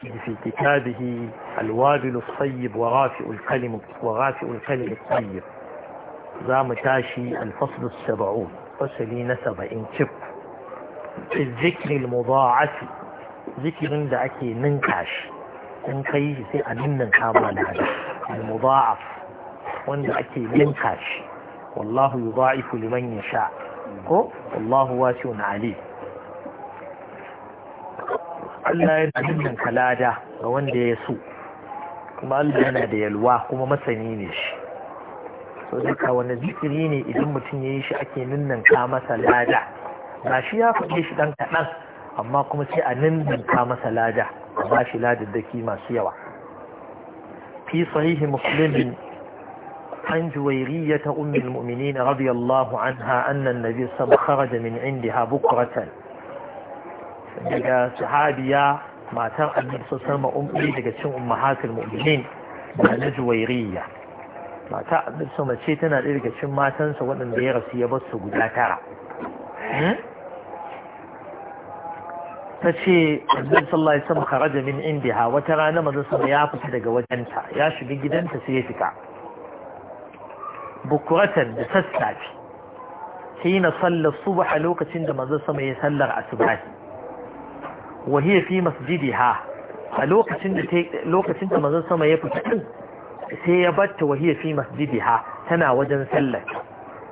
في كتابه الوابل الطيب وغافئ القلم وغافئ القلم الطيب زام تاشي الفصل السبعون فصلي نسب إن كب في الذكر المضاعف ذكر عندك أكي ننكاش إن كي سي أمن كامل هذا المضاعف وإن أكي ننكاش والله يضاعف لمن يشاء والله واسع عليم Allah yana dinnan kalada ga wanda ya so kuma Allah yana da yalwa kuma masani ne shi so duka wani zikiri ne idan mutum ya yi shi ake ninninka masa lada ba shi ya faɗe shi ɗan kaɗan amma kuma sai a ninninka masa lada a ba shi ladaddaki masu yawa fi sahihi muslimin عن جويرية أم المؤمنين رضي الله عنها أن النبي صلى الله عليه وسلم خرج من عندها بكرة daga sahabiya matan annabi sallallahu alaihi wasallam daga cikin ummahatul mu'minin na juwairiyya mata annabi sama ce tana ɗaya daga cikin matansa waɗanda ya rasu ya bar su guda tara hmm? ta ce annabi sallallahu alaihi wasallam kharaja min indiha wata rana manzon sama ya fita daga wajenta ya shiga gidanta sai ya fita bukuratan da sassafe na sallar subha lokacin da manzon sama ya sallar asubahi wa hiya fi masjidiha a lokacin da mazan sama ya fita din sai ya barta wa masjidiha tana wajen sallah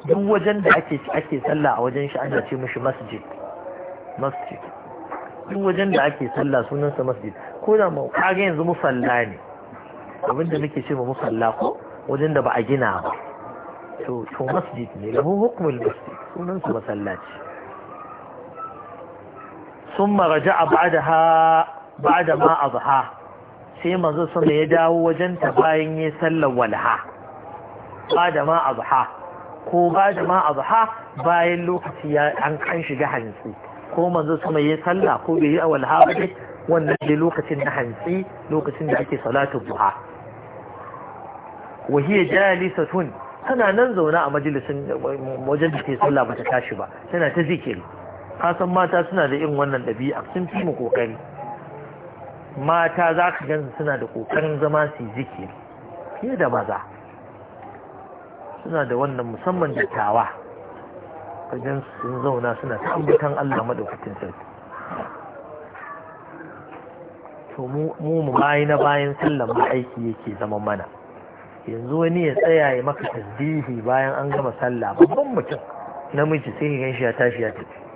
duk wajen da ake sallah a shi ana ce masjid duk wajen da ake sallah sunansa masjid ko da mu kaga yanzu musalla ne abinda muke ce ma musalla wajen da ba a gina ba to masjid ne masjid masallaci ثم رجع بعدها بعد ما أضحى سيما زصم يداه وجنت باين يسل ولها بعد ما أضحى ko ba jama'a zuha bayan lokaci an shiga hantsi ko manzo sama ya sallah ko bai yi awal hawa ne wannan da lokacin na hantsi lokacin da ake salatu duha wa hiya jalisatun tana nan zaune a majalisin wajen da ke sallah bata tashi ba tana ta zikiri kasan mata suna da irin wannan ɗabi'a sun fi mu ƙoƙari mata za ka gansu suna da ƙoƙarin zama su yi zikiri fiye da maza suna da wannan musamman dattawa ka gansu sun zauna suna ta ambatan Allah maɗaukacin sarki to mu mu bayi na bayan sallan ma aiki yake zama mana yanzu wani ya tsaya ya maka tasbihi bayan an gama sallah babban mutum namiji sai ya gan shi ya tashi ya tafi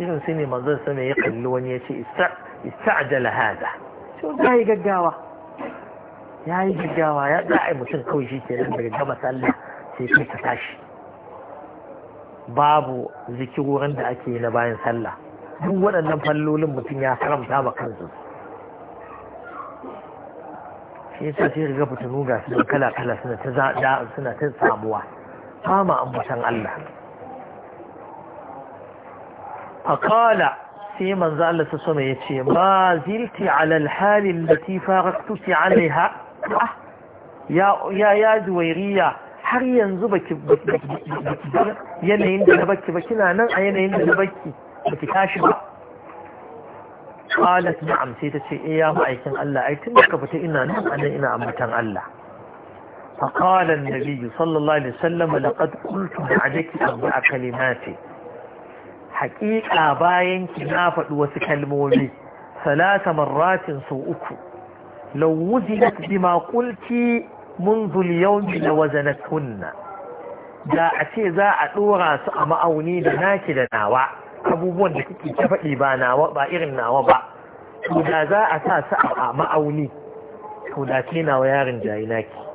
irin su ne manzon sama ya kalli wani ya ce ista'jala hada to yi gaggawa ya yi gaggawa ya za mutum kawai shi ke nan daga gama sallah sai kai ka tashi babu zikirorin da ake yi na bayan sallah duk waɗannan fallolin mutum ya haramta ma kansu shi ya sai ga fitinu ga su kala kala suna ta samuwa fama ambatan Allah فقال في من زال تسمى يتشي ما زلت على الحال التي فارقتك عليها أه يا يا يا دويرية har yanzu baki yanayin da na baki ba kina nan a yanayin da na baki baki tashi ba qalat na'am sai ta ce eh ya ma'aikin Allah ai tun ka fita ina nan anan ina ambatan Allah fa qala an-nabi sallallahu alaihi wasallam laqad qultu ba'daki arba'a kalimati haƙiƙa bayan ki na faɗi wasu kalmomi salata marratin sau uku law wuzinat bima qulti منذ اليوم kunna. da a ce za a ɗora su a ma'auni da naki da nawa abubuwan da kike ta faɗi ba nawa ba irin nawa ba to da za a sa su a ma'auni to da ke nawa yarin jayi naki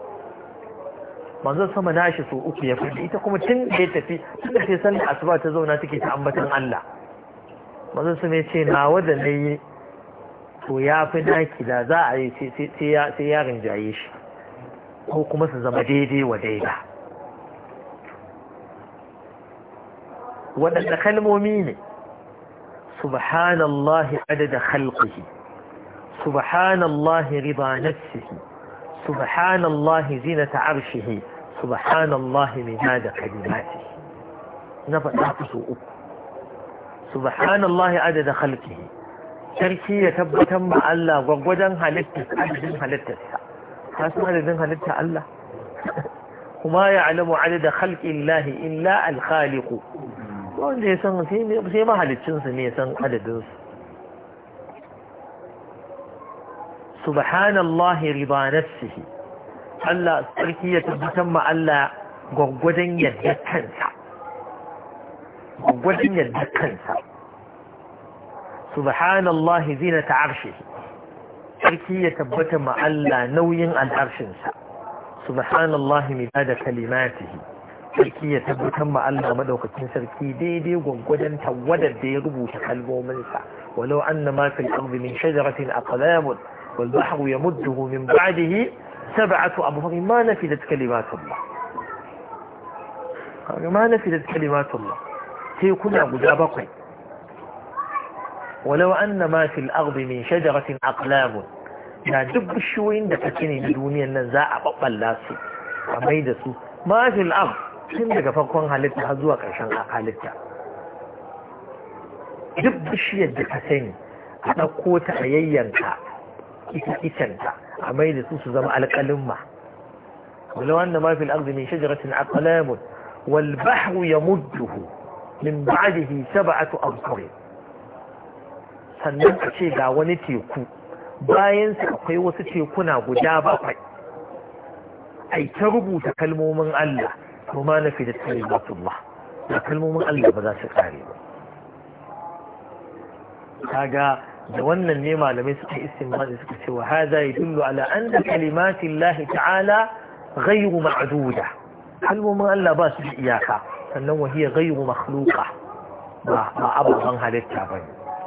manzon sama nashi so uku ya fadi ita kuma tun da ya tafi tun da sai sallar asuba ta zauna take ta ambatan Allah manzon sama ya ce na da nayi to ya fi naki da za a yi sai ya rinjaye shi ko kuma su zama daidai wa daida waɗanda kalmomi ne subhanallahi adada khalqihi subhanallahi riba nafsihi سبحان الله زينة عرشه سبحان الله من كلماته نفس أكو سبحان الله عدد خلقه sarki ya tabbatar ma Allah gwaggwajen halittar adadin halittarsa ka san adadin halittar Allah kuma ya alamu adada khalqin lahi illa al wanda ya san sai mahalicinsa ne ya san adadinsu subhanallahi riba nafsihi Allah sarki ya tabbatar ma Allah gwaggwadon yadda kansa gwaggwadon yadda kansa subhanallahi zinata arshihi sarki ya tabbata ma Allah nauyin sa subhanallahi midada kalimatihi sarki ya tabbatar ma Allah madaukakin sarki daidai gwangwadon tawadar da ya rubuta kalmominsa walau anna ma fil ardi min shajaratin aqlam والبحر يمده من بعده سبعة أبهر ما نفذت كلمات الله ما نفذت كلمات الله سيكون مجابق ولو أن ما في الأرض من شجرة أقلام لا جب الشوين دكتيني بدوني النزاع قبل لاسي ما في الأرض كم دك فقوان هالتا هزوك عشان أقالتا جب الشي الدكتيني أنا قوة أيينك ita itanta a mai da su su zama alƙalimma wala wanda ma fil ardi min shajaratin aqlamun wal bahru yamudduhu min ba'dihi sab'atu abqar sannan a ce ga wani teku bayan su akwai wasu tekuna guda bakwai ai ta rubuta kalmomin Allah kuma ma fi da kalimatullah da kalmomin Allah ba za su kare ba da wannan ne malamai suka da suka ce wa ya yadullu ala anna kalimatillahi ta'ala ghayru ma'duda kalmomin Allah ba su da iyaka sannan wa hiya ghayru ba ba abubuwan halitta ne.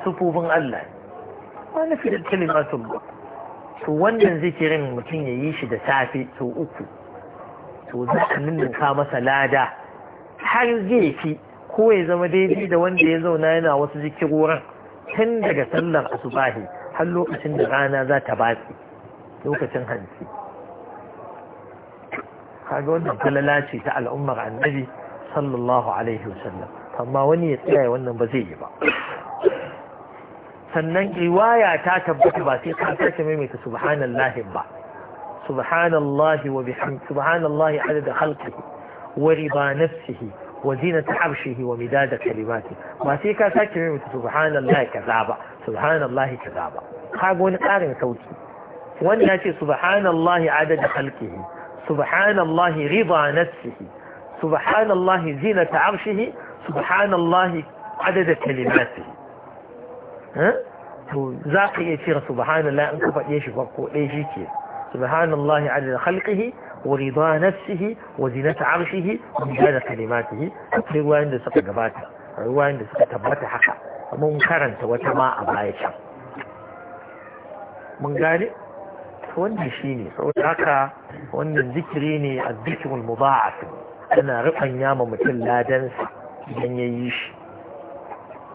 Sufofin Allah ba na fi da ba. to wannan zikirin mutum ya yi shi da safe to uku to za a ninninka masa lada har zai fi ko ya zama daidai da wanda ya zauna yana wasu zikirorin tun daga sallar asubahi har lokacin da rana za ta batsi lokacin hanci kaga wannan falala ce ta al'ummar annabi sallallahu alaihi wasallam amma wani ya tsaya wannan ba zai yi ba sannan riwaya ta tabbata ba sai ka sake maimaita subhanallahi ba subhanallahi wa bihamdi subhanallahi adada khalqihi wa riba nafsihi وزينة عرشه ومداد كلماته ما سيكا ساكرين سبحان الله كذابا سبحان الله كذابا خاقون قارن صوتي وانا سبحان الله عدد خلقه سبحان الله رضا نفسه سبحان الله زينة عرشه سبحان الله عدد كلماته ها ذاقي يصير سبحان الله انك فقيش فقو ليش سبحان الله عدد خلقه ورضا نفسه وزنة عرشه ومجال كلماته gabata, رواية da suka قباتا haka. عند karanta wata حقا منكرا وتماء بايشا من قال wannan shi ne saboda haka wannan zikiri ne a zikirin muba'af ana rufan yama mutum ladansa idan ya yi shi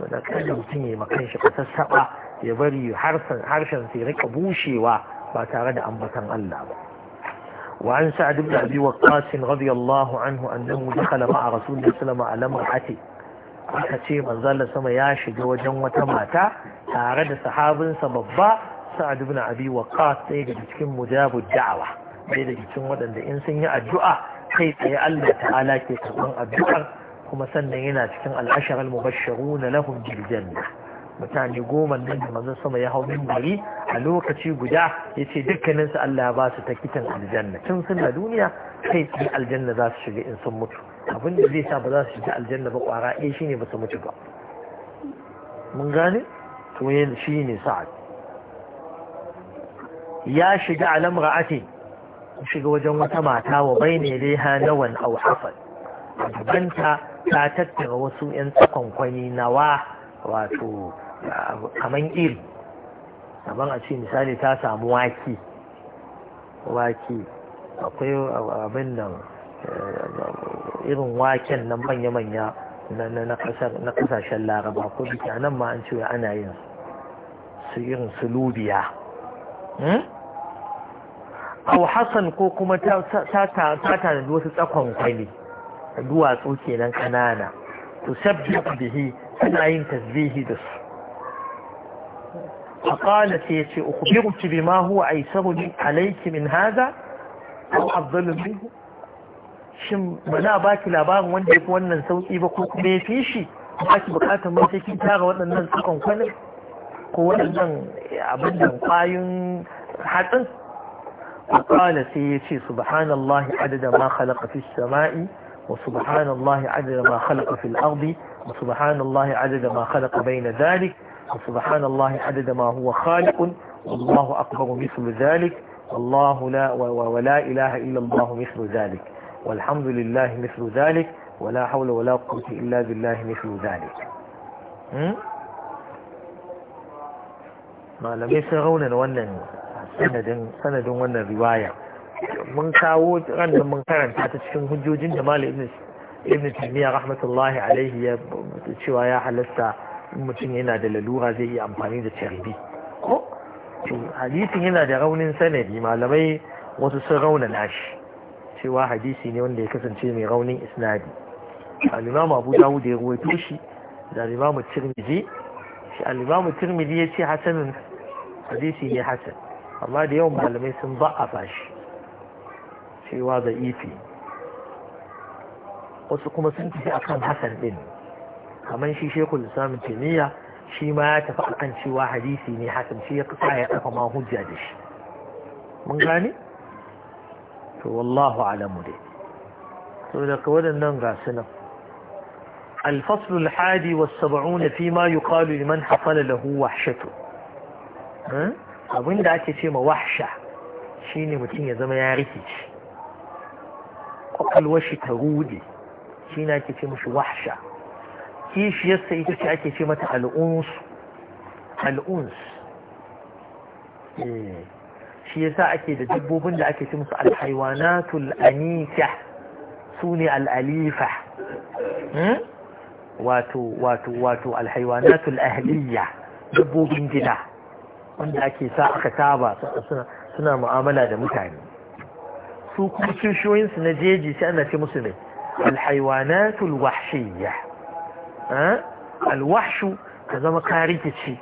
wanda kada mutum ya makan shi sassaɓa ya bari harshen sai rika bushewa ba tare da ambatan Allah ba وعن سعد بن أبي وقاص رضي الله عنه أنه دخل مع رسول الله صلى الله عليه وسلم على مرأته aka ce manzala sama ya shiga wajen wata mata tare da sahabinsa babba sa'ad ibn abi waqqas sai daga cikin mujabud da'awa sai daga cikin waɗanda in sun yi addu'a kai tsaye Allah ta'ala ke karban addu'ar kuma sannan yana cikin al'ashar al-mubashshiruna lahum bil janna mutane goma nan da mazan sama ya hau mimbari a lokaci guda ya ce dukkaninsu Allah ya ba su ta kitan aljanna tun suna duniya kai tsaye aljanna za su shiga in sun mutu abin da zai sa ba za su shiga aljanna ba kwara ɗaya ne ba su mutu ba mun gane to yin shi ne sa'ad ya shiga alam ra'ati shiga wajen wata mata wa bai ne leha nawan au hafal gabanta ta tattara wasu 'yan tsakon kwani nawa wato kaman iri kaman a ce misali ta samu wake waki akwai abin da eh, irin waken nan manya-manya na kasashen laraba ko biki nan ma an ce ana yin su irin su lubiya hmm? abu hassan ko kuma ta tanadi wasu tsakon kwali duwatsu kenan kanana to sabbi bihi suna yin tasbihi da su فقال سيتي أخبرك بما هو أيسر عليك من هذا أو أفضل منه shin ba na baki labarin wanda ya fi wannan sauki ba ko kuma ya fi shi baki ki bukatar mai sai tara waɗannan sukan kwanin ko waɗannan abin da kwayoyin hatsin qala sai ya ce subhanallahi adada ma khalaqa fis sama'i wa subhanallahi adada ma khalaqa fil ardi adada ma فسبحان الله عدد ما هو خالق والله أكبر مثل ذلك والله لا ولا إله إلا الله مثل ذلك والحمد لله مثل ذلك ولا حول ولا قوة إلا بالله مثل ذلك ما لم يسرون ونن سند سند ونن رواية من kawo ranar mun karanta ta cikin hujjojin da malam ibn ibn taymiya rahmatullahi alaihi ya cewa ya halatta in mutum yana da lalura zai iya amfani da tarbi ko hadisin yana da raunin sanadi malamai wasu sun raunana shi cewa hadisi ne wanda ya kasance mai raunin isnadi al-imam abu dawud ya ruwaito shi da al-imam tirmidhi shi al-imam tirmidhi ya ce hasanun hadisi ne hasan amma da yawan malamai sun ba'afa shi cewa da ifi wasu kuma sun ci akan hasan din kamar shi shekul islamin kimiyya shi ma ya tafi akan cewa hadisi ne hakan shi ya kasa ya kafa ma hujja da shi mun gane to wallahu alamu dai saboda ka waɗannan ga sunan الفصل الحادي والسبعون فيما يقال لمن حصل له وحشته abin da ake ce ma wahsha shine mutum ya zama ya rikici kwakwalwar shi ta rude shi na ake ce mashi wahsha kishiyarsa ita ce ake ce mata al'unsu al'uns eh, shi yasa ake da dabbobin da ake ce musu alhaiwanatul anika su ne al'alifa hmm? wato wato wato alhaiwanatul ahliya dabbobin gida wanda ake sa aka saba suna mu'amala da mutane su kuma kishiyoyinsu na jeji sai ana ce musu ne alhaiwanatul wahshiyya Eh? alwashu ka zama ka rikici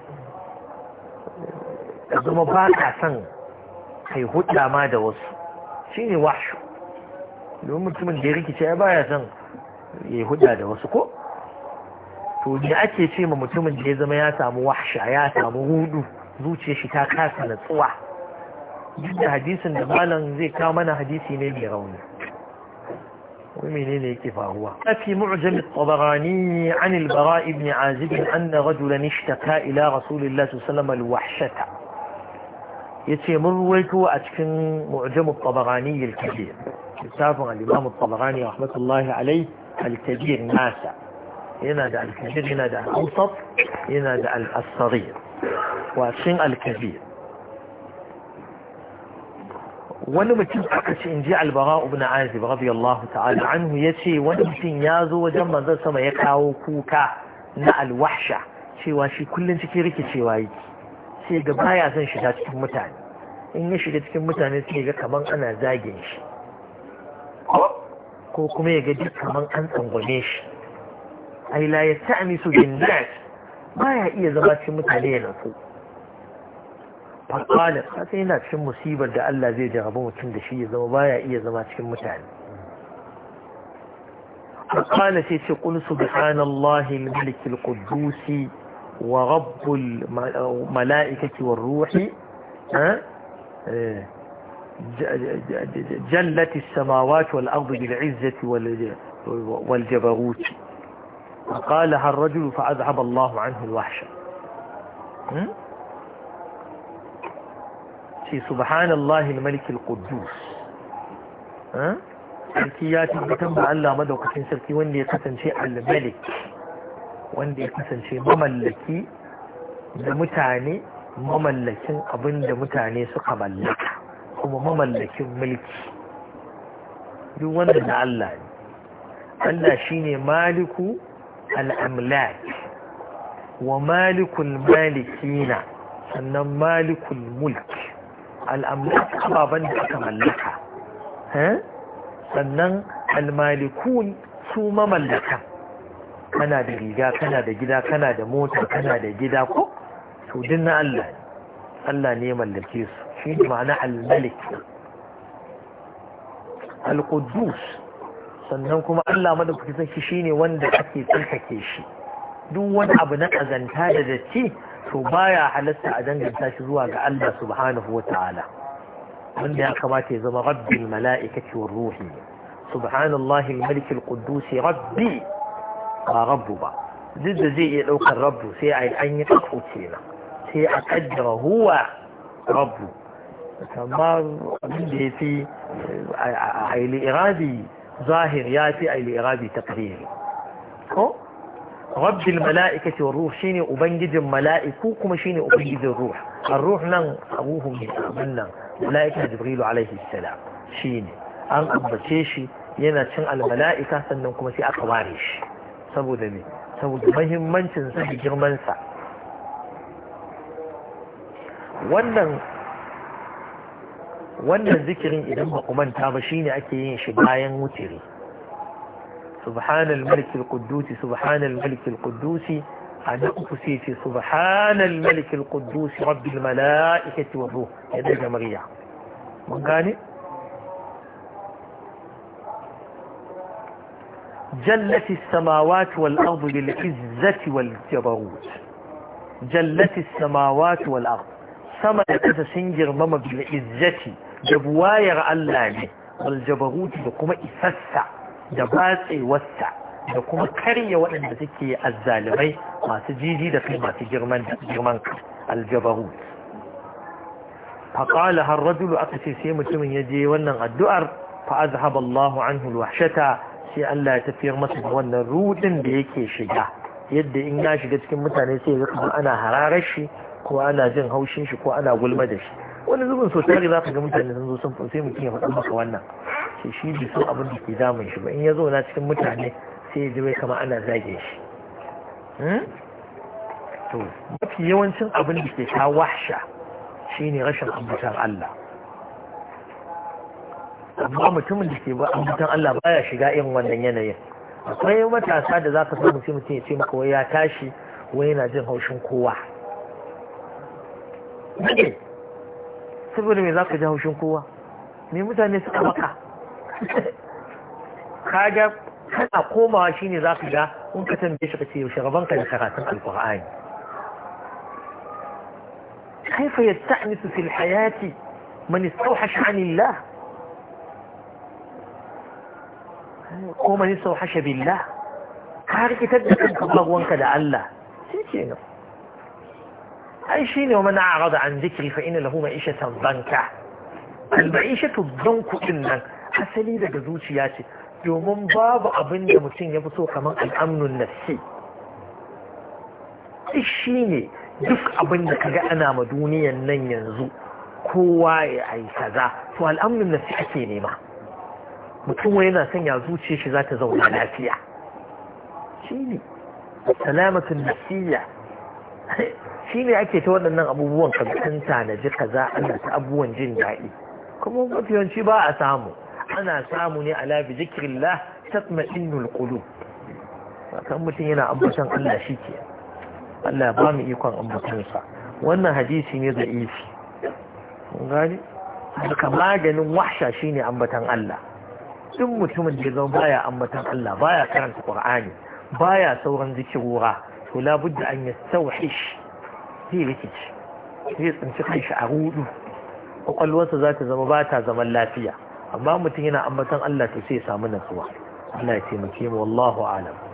ka zama ba ka son kai hudda ma da wasu shi ne washu domin mutumin da ya rikice ya baya son ya hudda da wasu ko to ne ake ce ma mutumin da ya zama ya samu washa ya samu hudu zuciya shi ta kasa natsuwa duk da hadisin da malam zai kawo mana hadisi ne mai rauni ومن هيك فهو في معجم الطبراني عن البراء بن عازب أن رجلا اشتكى إلى رسول الله صلى الله عليه وسلم الوحشة يتمر ويكو أتكن معجم الطبراني الكبير كتاب الإمام الطبراني رحمة الله عليه الكبير ناسا ينادى الكبير ينادى الأوسط ينادى الصغير وأتكن الكبير wani mutum aka ce in ji albara ibn azib radiyallahu ta'ala anhu yace wani mutum ya zo wajen manzon sama ya kawo kuka na alwahsha cewa shi kullum cikin rikicewa yake sai ga baya son shiga cikin mutane in ya shiga cikin mutane sai ga kaman ana zagin shi ko kuma ya ga duk kaman an tsangwame shi ai la yasta'misu bin nas baya iya zama cikin mutane ya nutsu فقالت ka sai yana cikin musibar da Allah zai jarabu mutum da shi ya zama baya iya cikin mutane فقال سيتي قل سبحان الله الملك القدوس ورب الملائكة والروح ها جلت السماوات والأرض بالعزة والجبروت فقالها الرجل فأذهب الله عنه الوحشة ce subhanallahi malikil quddus sarki ya tabbatar da Allah madaukakin sarki wanda ya kasance al-malik wanda ya kasance mamallaki da mutane mamallakin abinda mutane suka mallaka kuma mamallakin mulki duk wanda na Allah ne Allah shine maliku al-amlak wa malikul malikina sannan malikul mulki al’amlaka ababen da aka mallaka eh? sannan almalikun su mamallaka kana da riga kana da gida kana da mota kana da gida ko su din na Allah Allah ne mallake su shi ne ma'ana al-malik sannan kuma Allah madaukaki shi ne wanda ake tsarkake shi duk wani abu na ƙazanta da datti to baya halatta a dangin tashi zuwa ga Allah subhanahu wata'ala ta'ala wanda ya kamata ya zama rabbil mala'ikati war ruhi subhanallahi al-malik al-quddus rabbi ba rabbu ba duk da zai iya daukar rabbu sai ai an yi kafu na sai a kaddara huwa rabbu amma abin da ya fi a irabi zahir ya fi a irabi takdiri ko rabbil mala'ikati war shi ne ubangijin mala'iku kuma ne ubangijin ruh ar-ruh nan ruhu ne abin nan mala'ika jibrilu alaihi salam ne. an ambace shi yana cin al-mala'ika sannan kuma sai aka ware shi saboda saboda muhimmancin sa da girmansa. wannan wannan zikirin idan ba ku manta ba shine ake yin shi bayan wutiri سبحان الملك القدوس سبحان الملك القدوس أنا أقسي في سبحان الملك القدوس رب الملائكة والروح هذا جمرية من قال جلت السماوات والأرض بالعزة والجبروت جلت السماوات والأرض سما كذا سنجر مما بالعزة جبواير الله والجبروت بقوم إفسع da batsewarta da kuma karya waɗanda suke azzalumai masu jiji da kai masu girman girman aljabaru faƙala har rajulu aka ce sai mutumin ya je wannan addu'ar fa'azhab Allahu anhu alwahshata sai Allah ya tafiyar masa da wannan rudin da yake shiga yadda in ya shiga cikin mutane sai ya kuma ana hararar shi ko ana jin haushin shi ko ana gulma da shi wani zubin so za ka ga mutane sun zo sun sai mutum ya faɗi maka wannan sai shi bai san abin da ke damun shi ba in ya zauna cikin mutane sai ya ji wai kama ana zage shi hmm? to mafi yawancin abin da ke ta shi ne rashin ambatan Allah amma mutumin da ke ambatan Allah ba ya shiga irin wannan yanayin akwai matasa da za ka so mutum ya ce maka wai ya tashi wai yana jin haushin kowa saboda me za ka ji haushin kowa me mutane suka maka kaga kana komawa shine zaka ga kun ka tambaye shi kace yaushe gaban ka da karatun alqur'ani كيف يستأنس في الحياة من استوحش عن الله أو من استوحش بالله هارك تدرك الله وانك لألّه أي شيء ومن أعرض عن ذكري فإن له معيشة ضنكة المعيشة الضنك إنك asali daga zuciya ce domin babu abin da mutum ya fi so kamar al'amnun nafsi shi ne duk abin da kaga ana ma duniyan nan yanzu kowa ya ai kaza to al'amnun nafsi ake nema mutum wani yana sanya zuciya shi za ta zauna lafiya shi ne salamatun nafsiya shi ne ake ta waɗannan abubuwan kamar ji kaza ana ta abubuwan jin daɗi kuma mafiyanci ba a samu ana samu ne ala bi zikrillah tatma'innul qulub kan mutum yana ambaton Allah shi ke Allah ba mu ikon ambatonsa wannan hadisi ne da isi gani haka maganin wahsha shine ambaton Allah duk mutumin da zama baya ambaton Allah baya karanta Qur'ani baya sauran zikirura to la budda an yastawhish zai rikici zai tsinci kanshi a rudu kwakwalwarsa za ta zama ba ta zaman lafiya amma mutum yana ambatan Allah to sai ya samu natsuwa Allah ya taimake mu wallahu alam